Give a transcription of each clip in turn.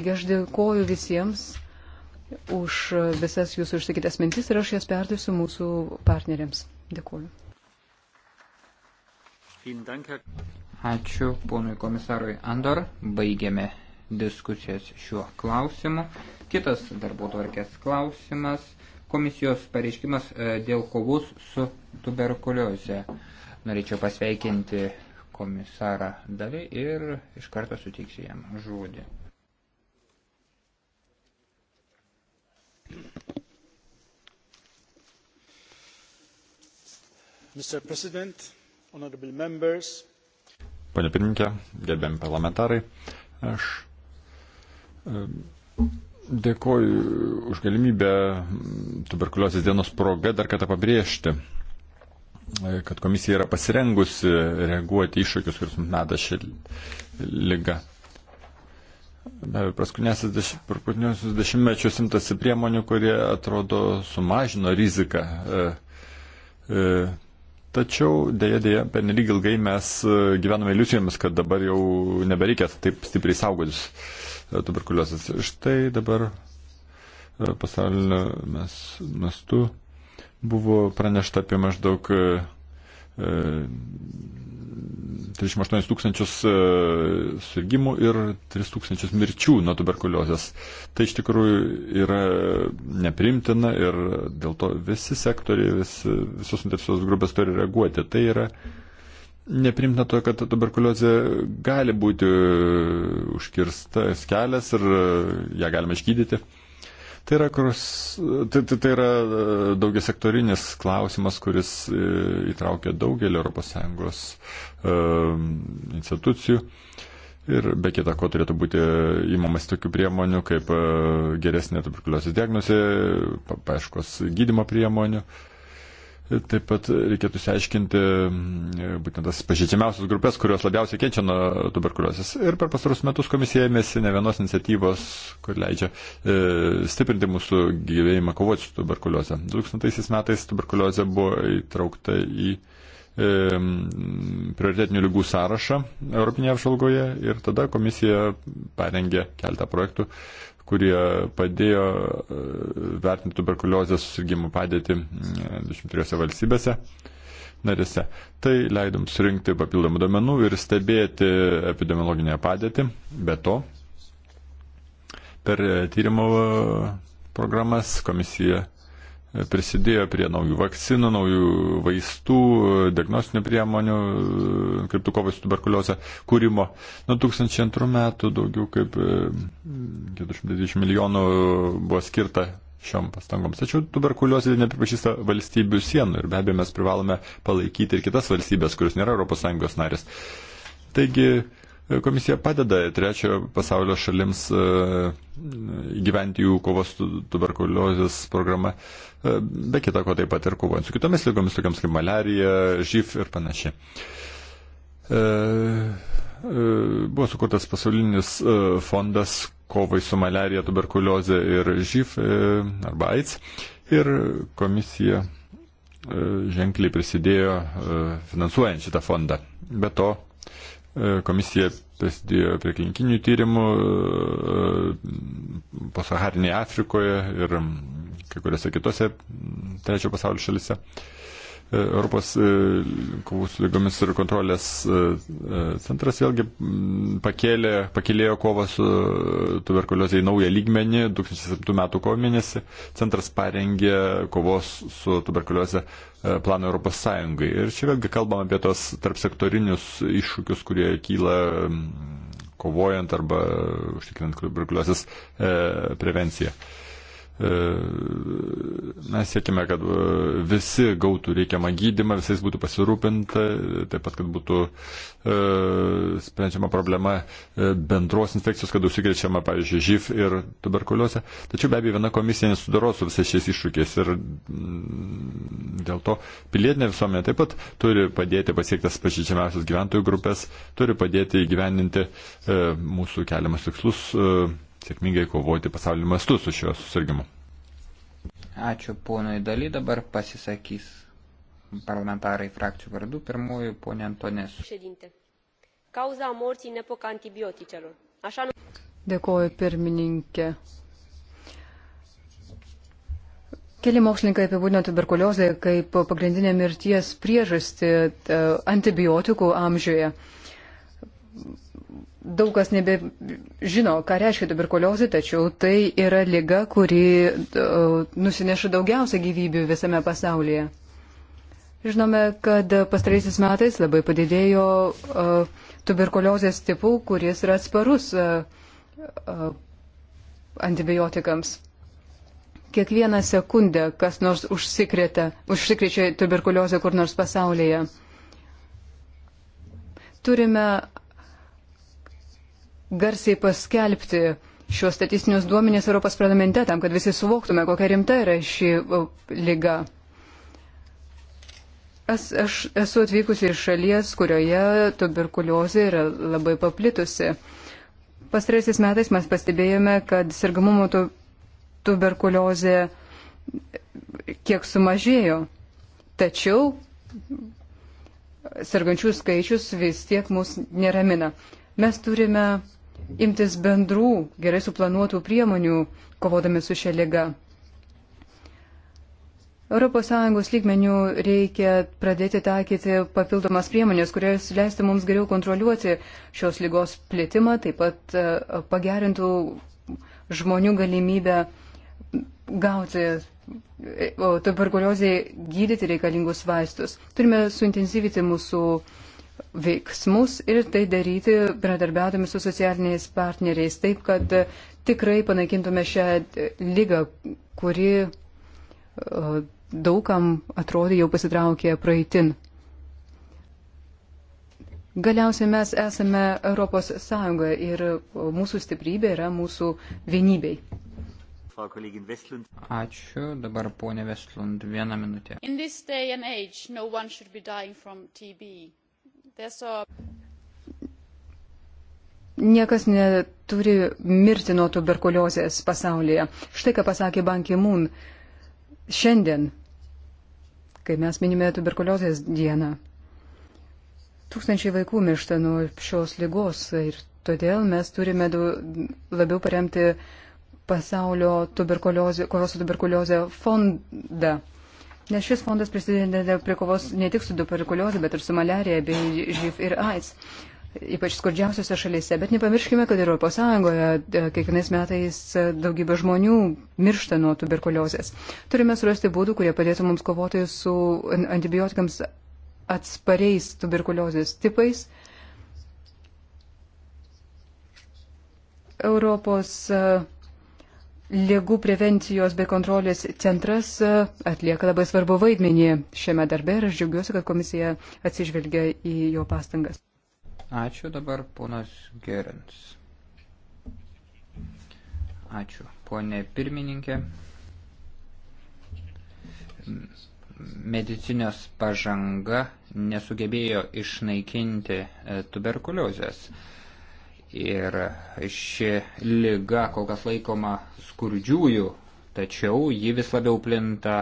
Taigi aš dėkoju visiems už visas jūsų išsakytas mintis ir aš jas perduosiu mūsų partneriams. Dėkoju. Ačiū ponui komisarui Andor. Baigėme diskusijas šiuo klausimu. Kitas darbo tvarkės klausimas - komisijos pareiškimas e, dėl kovos su tuberkulioze. Norėčiau pasveikinti komisarą Davį ir iš karto suteiksiu jam žodį. Mr. President, honorable members. Pane pirmininkė, gerbiami parlamentarai, aš dėkoju už galimybę tuberkuliozės dienos proga dar kartą pabrėžti, e, kad komisija yra pasirengusi reaguoti iššūkius, kuris meta ši lyga. Paskutinėsius deš, dešimtmečius imtasi priemonių, kurie atrodo sumažino riziką. E, e, Tačiau dėja, dėja, per nelyg ilgai mes e, gyvename iliuzijomis, kad dabar jau nebereikia taip stipriai saugotis e, tuberkuliozės. Štai dabar e, pasaulyje mes mastu buvo pranešta apie maždaug 38 e, tūkstančius e, sirgimų ir 3 tūkstančius mirčių nuo tuberkuliozės. Tai iš tikrųjų yra neprimtina ir dėl to visi sektoriai, vis, visos interesuotos grupės turi reaguoti. Tai yra neprimtina to, kad tuberkuliozė gali būti užkirsta kelias ir ją galima išgydyti. Tai yra, kurs, tai, tai, tai yra e, daugiasektorinis klausimas, kuris e, įtraukia daugelį ES e, institucijų. Ir be kita ko turėtų būti įmamas tokių priemonių, kaip geresnė tuberkuliozės diagnozė, paaiškos gydimo priemonių, Taip pat reikėtų išsiaiškinti mm, būtent tas pažeidžiamiausias grupės, kurios labiausiai kenčia nuo tuberkuliozės. Ir per pasarus metus komisija ėmėsi ne vienos iniciatyvos, kur leidžia e, stiprinti mūsų gyvėjimą kovoti su tuberkuliozė. 2000 metais tuberkuliozė buvo įtraukta į e, prioritetinių lygų sąrašą Europinėje apžvalgoje ir tada komisija parengė keltą projektų, kurie padėjo e, vertinti tuberkuliozės susirgymų padėtį 23 valstybėse narėse. Tai leidom surinkti papildomų domenų ir stebėti epidemiologinę padėtį. Be to, per e, tyrimo e, programas komisija prisidėjo prie naujų vakcinų, naujų vaistų, diagnostinių priemonių, kriptų kovai su tuberkuliozė kūrimo. Nuo 2002 metų daugiau kaip 420 e, milijonų buvo skirta šiom pastangoms. Tačiau tuberkuliozė nepripažįsta valstybių sienų ir be abejo mes privalome palaikyti ir kitas valstybės, kurios nėra ES narės. Taigi, Komisija padeda trečiojo pasaulio šalims e, gyventi jų kovos tuberkuliozės programą, e, be kita ko taip pat ir kovojant su kitomis lygomis, tokiams kaip malerija, žyf ir panašiai e, buvo sukurtas pasaulinis fondas kovai su malerija, tuberkulioze ir živ arba AIDS. Ir komisija ženkliai prisidėjo finansuojant šitą fondą. Be to, E, komisija prisidėjo prie klinikinių tyrimų e, pasaharinėje Afrikoje ir kai kuriuose kitose trečio pasaulio šalise. Uh, Europos e, kovų su lygomis ir kontrolės e, e, centras vėlgi pakėlė, pakėlėjo kovą su tuberkuliozė į naują lygmenį. 2007 metų kovo mėnesį centras parengė kovos su tuberkuliozė planą Europos Sąjungai. Ir čia vėlgi kalbam apie tos tarpsektorinius iššūkius, kurie kyla kovojant arba užtikrinant tuberkuliozės prevenciją. E, Mes siekime, kad e, visi gautų reikiamą gydimą, visais būtų pasirūpinta, taip pat, kad būtų e, sprendžiama problema e, bendros infekcijos, kad užsikrečiama, pavyzdžiui, živ ir tuberkuliozė. Tačiau be abejo, viena komisija nesudaro su visais šiais iššūkiais ir mm, dėl to pilietinė visuomenė taip pat turi padėti pasiektas pažydžiamiausias gyventojų grupės, turi padėti įgyvendinti mūsų keliamas tikslus sėkmingai kovoti pasaulio mastu su šio susirgymu. Ačiū ponui Daly, dabar pasisakys parlamentarai frakcijų vardu, pirmųjų ponė Antonės. Cauza morții în epoca antibioticelor. Așa nu... Dėkoju pirmininkė. Keli mokslininkai apibūdino tuberkuliozę kaip pagrindinę mirties priežastį e, antibiotikų amžiuje daug kas nebežino, ką reiškia tuberkuliozė, tačiau tai yra lyga, kuri e, nusineša daugiausia gyvybių visame pasaulyje. Žinome, kad pastaraisiais metais labai padidėjo e, tuberkuliozės tipų, kuris yra atsparus e, antibiotikams. Kiekvieną sekundę kas nors užsikrečia tuberkuliozę kur nors pasaulyje turime garsiai paskelbti šios statistinius duomenys Europos parlamente, tam, kad visi suvoktume, kokia rimta yra ši lyga. Aš, aš esu atvykusi iš šalies, kurioje tuberkuliozė yra labai paplitusi. Pastaraisiais metais mes pastebėjome, kad sirgamumo tu, tuberkuliozė kiek sumažėjo. Tačiau sergančių skaičius vis tiek mus neramina. Mes turime imtis bendrų, gerai suplanuotų priemonių kovodami su šia liga. ES lygmenių reikia pradėti taikyti papildomas priemonės, kurios leisti mums geriau kontroliuoti šios lygos plėtimą, taip pat e, pagerintų žmonių galimybę gauti e, tuberkuliozėje gydyti reikalingus vaistus. Turime suintensyvyti mūsų uh, veiksmus ir tai daryti, bendradarbiaudami su socialiniais partneriais, taip, kad tikrai panaikintume šią lygą, kuri daugam atrodė jau pasitraukė praeitin. Galiausiai mes esame Europos Sąjungoje ir mūsų stiprybė yra mūsų vienybei. Ačiū, dabar ponė Vestlund, vieną minutę. Age, no Niekas neturi mirti nuo tuberkuliozės pasaulyje. Štai ką pasakė Bankė Mūn šiandien, kai mes minime tuberkuliozės dieną. Tūkstančiai vaikų miršta nuo šios lygos ir todėl mes turime labiau paremti pasaulio kovos su tuberkuliozė fondą nes šis fondas prisideda prie kovos ne tik su tuberkuliozė, bet ir su malerija bei živ ir AIDS. Ypač skurdžiausiose šalyse, bet nepamirškime, kad Europos Sąjungoje e, kiekvienais metais e, daugybė žmonių miršta nuo tuberkuliozės. Turime surasti būdų, kurie padėtų mums kovoti su antibiotikams atspariais tuberkuliozės tipais. Europos uh, Lygų prevencijos bei kontrolės centras e, atlieka labai svarbu vaidmenį šiame darbe ir aš džiaugiuosi, kad komisija atsižvelgia į jo pastangas. Ačiū dabar ponas Gerins. Ačiū, ponė pirmininkė. Medicinės pažanga nesugebėjo išnaikinti e, tuberkuliozės. E, Ir ši lyga kol kas laikoma skurdžiųjų, tačiau ji vis labiau plinta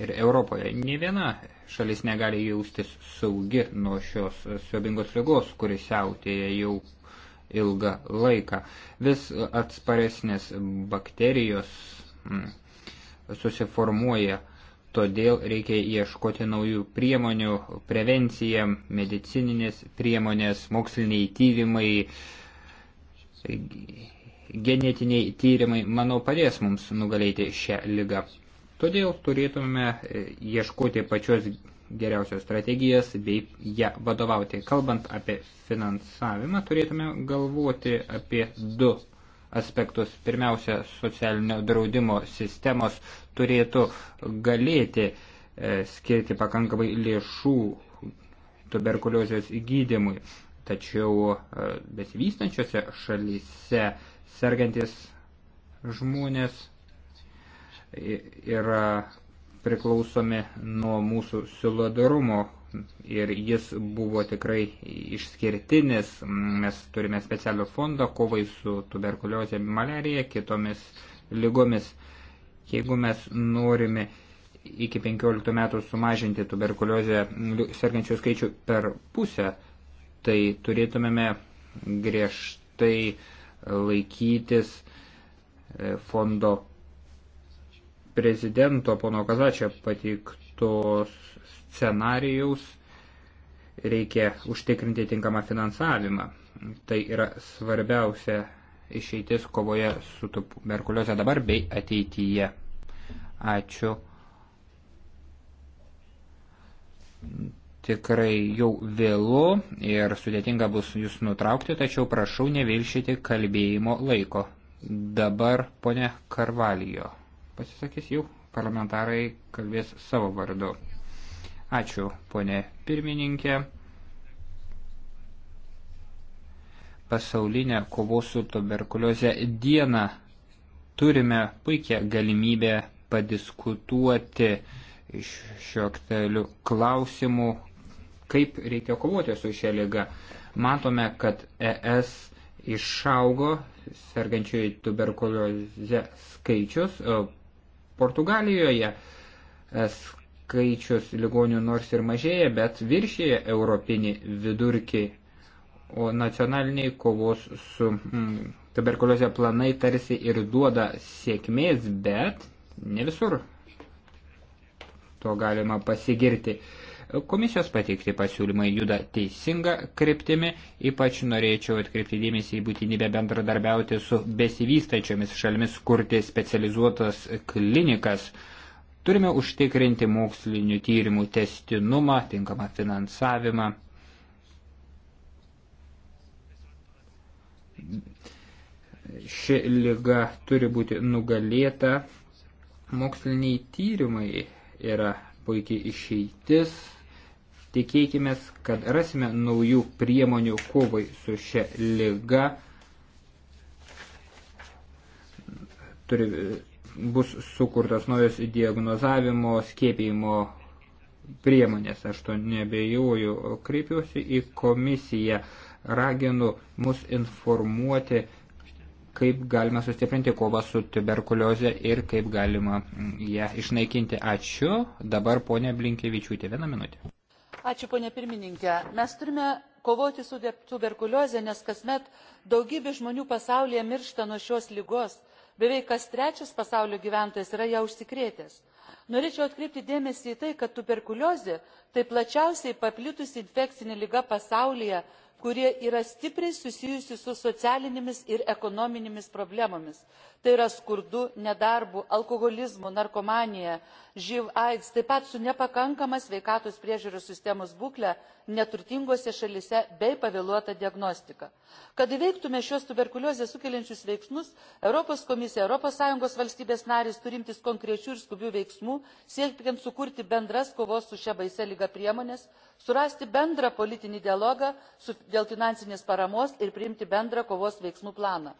ir Europoje. Ne viena šalis negali jaustis saugi nuo šios siobingos lygos, kuris siautėja jau ilgą laiką. Vis atsparesnės bakterijos hmm, susiformuoja, todėl reikia ieškoti naujų priemonių, prevencija, medicininės priemonės, moksliniai tyrimai, genetiniai tyrimai, manau, padės mums nugalėti šią lygą. Todėl turėtume e, ieškoti pačios geriausios strategijas bei ją vadovauti. Kalbant apie finansavimą, turėtume galvoti apie du aspektus. Pirmiausia, socialinio draudimo sistemos turėtų galėti e, skirti pakankamai lėšų tuberkuliozės gydimui tačiau e, besivystančiose šalyse sergantis žmonės yra priklausomi nuo mūsų solidarumo ir jis buvo tikrai išskirtinis. Mes turime specialių fondą kovai su tuberkuliozė, malerija, kitomis lygomis. Jeigu mes norime iki 15 metų sumažinti tuberkuliozę sergančių skaičių per pusę, tai turėtumėme griežtai laikytis e, fondo prezidento pono Kazačio pateiktos scenarijaus reikia užtikrinti tinkamą finansavimą. Tai yra svarbiausia išeitis kovoje su tuberkulioze dabar bei ateityje. Ačiū tikrai jau vėlu ir sudėtinga bus jūs nutraukti, tačiau prašau nevilšyti kalbėjimo laiko. Dabar ponė Karvalijo pasisakys jau, parlamentarai kalbės savo vardu. Ačiū, ponė pirmininkė. Pasaulinę kovos su tuberkulioze dieną turime puikią galimybę padiskutuoti šiuo aktualiu klausimu, kaip reikia kovoti su šia lyga. Matome, kad ES išaugo sergančiųjų tuberkulioze skaičius. Portugalijoje e, skaičius ligonių nors ir mažėja, bet viršėja europinį vidurkį, o nacionaliniai kovos su mm, tuberkulioze planai tarsi ir duoda sėkmės, bet ne visur to galima pasigirti. Komisijos pateikti pasiūlymai juda teisinga kryptimi, ypač norėčiau atkreipti dėmesį į būtinybę bendradarbiauti su besivystačiomis šalimis, kurti specializuotas klinikas. Turime užtikrinti mokslinių tyrimų testinumą, tinkamą finansavimą. Ši lyga turi būti nugalėta. Moksliniai tyrimai yra puikiai išeitis. Tikėkime, kad rasime naujų priemonių kovai su šia lyga. Turi, bus sukurtas naujos diagnozavimo, skiepijimo priemonės. Aš to nebejoju. Kreipiuosi į komisiją, raginu mus informuoti kaip galima sustiprinti kovą su tuberkulioze ir kaip galima mm, ją išnaikinti. Ačiū. Dabar ponė Blinkevičiūtė, vieną minutę. Ačiū, ponė pirmininkė. Mes turime kovoti su tuberkulioze, nes kasmet daugybė žmonių pasaulyje miršta nuo šios lygos. Beveik kas trečias pasaulio gyventojas yra ją užsikrėtęs. Norėčiau atkreipti dėmesį į tai, kad tuberkuliozė tai plačiausiai paplitusi infekcinė lyga pasaulyje kurie yra stipriai susijusi su socialinėmis ir ekonominėmis problemomis tai yra skurdu nedarbu alkoholizmu narkomanija živ aids taip pat su nepakankama sveikatos priežiūros sistemos būkle neturtingose šalyse bei pavėluota diagnostika. kad įveiktume šiuos tuberkuliozę sukeliančius veiksmus europos komisija europos sąjungos valstybės narės turi imtis konkrečių ir skubių veiksmų siekiant sukurti bendras kovos su šia baisia liga priemones surasti bendrą politinį dialogą su dėl finansinės paramos ir priimti bendrą kovos veiksmų planą.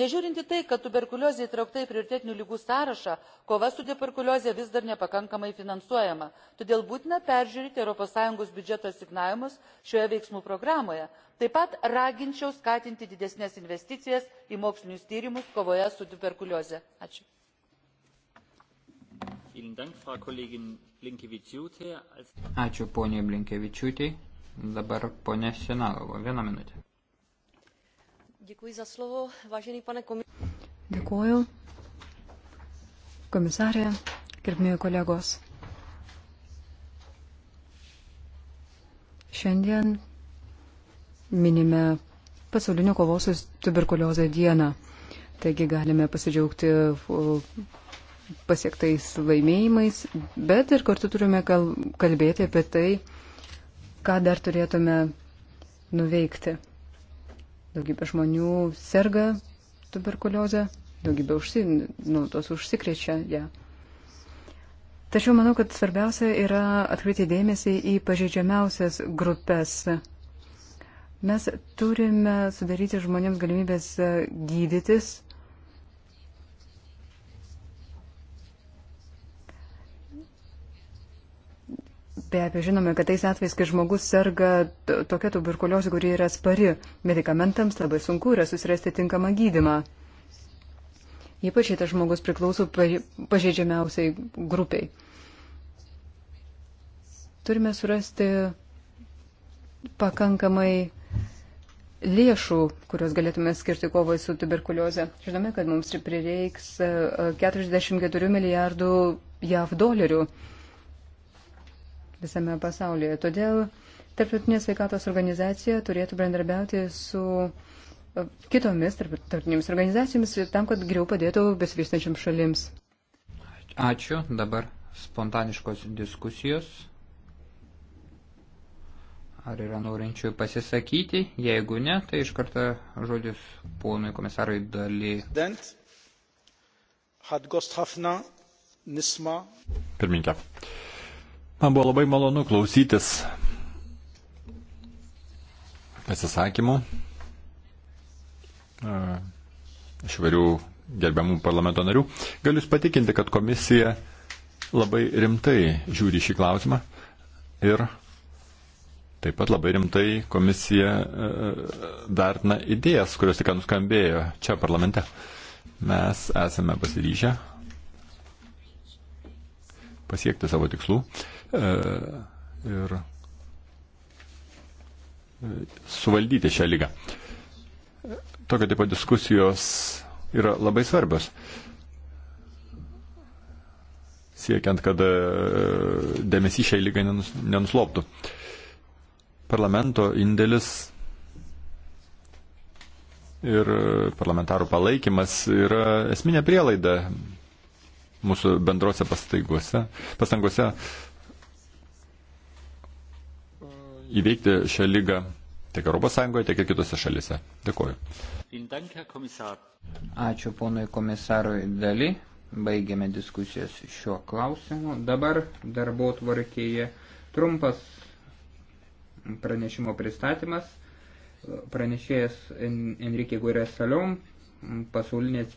Nežiūrint į tai, kad tuberkuliozė įtraukta į prioritetinių lygų sąrašą, kova su tuberkuliozė vis dar nepakankamai finansuojama. Todėl būtina peržiūrėti ES biudžeto asignavimus šioje veiksmų programoje. Taip pat raginčiau skatinti didesnės investicijas į mokslinius tyrimus kovoje su tuberkuliozė. Ačiū. Ačiū ponė Blinkevičiūtė. Dabar ponė Šinalova, vieną minutę. Děkuji za slovo, vážený pane komisarė. Dėkuoju, komisarė, gerbėjai kolegos. Šiandien minime pasaulinio kovos su tuberkuliozė dieną. Taigi galime pasidžiaugti pasiektais laimėjimais, bet ir kartu turime kalbėti apie tai, ką dar turėtume nuveikti. Daugybė žmonių serga tuberkuliozę, daugybė užsi, nu, tos užsikrečia ją. Ja. Tačiau manau, kad svarbiausia yra atkreipti dėmesį į pažeidžiamiausias grupės. Mes turime sudaryti žmonėms galimybės gydytis Be abejo, žinome, kad tais atvejais, kai žmogus serga tokia tuberkuliozė, kuri yra spari medikamentams, labai sunku yra susirasti tinkamą gydimą. Ypač šitas žmogus priklauso pažeidžiamiausiai grupiai. Turime surasti pakankamai lėšų, kurios galėtume skirti kovai su tuberkulioze. Žinome, kad mums prireiks 44 e, e, milijardų JAV dolerių visame pasaulyje. Todėl Tarptautinė sveikatos organizacija turėtų bendrabiauti su e, kitomis tarptautinėmis organizacijomis tam, kad geriau padėtų besivystančiam šalims. Ačiū. Dabar spontaniškos diskusijos. Ar yra norinčių pasisakyti? Jeigu ne, tai iš karto žodis ponui komisarui daly. Pirmininkė. Man buvo labai malonu klausytis pasisakymų iš vairių gerbiamų parlamento narių. Galiu Jūs patikinti, kad komisija labai rimtai žiūri šį klausimą ir taip pat labai rimtai komisija vertina idėjas, kurios tik nuskambėjo čia parlamente. Mes esame pasiryžę pasiekti savo tikslų E, ir suvaldyti šią lygą. Tokio tipo diskusijos yra labai svarbios. Siekiant, kad e, dėmesys šiai lygai nenusloptų. Parlamento indėlis ir parlamentarų palaikymas yra esminė prielaida mūsų bendrose pastangose įveikti šią lygą tiek ES, tiek ir kitose šalise. Dėkuoju. Ačiū ponui komisarui Dali. Baigėme diskusijas šiuo klausimu. Dabar darbo tvarkėje trumpas pranešimo pristatymas. Pranešėjas Enrique Guerrero Salom, pasaulinės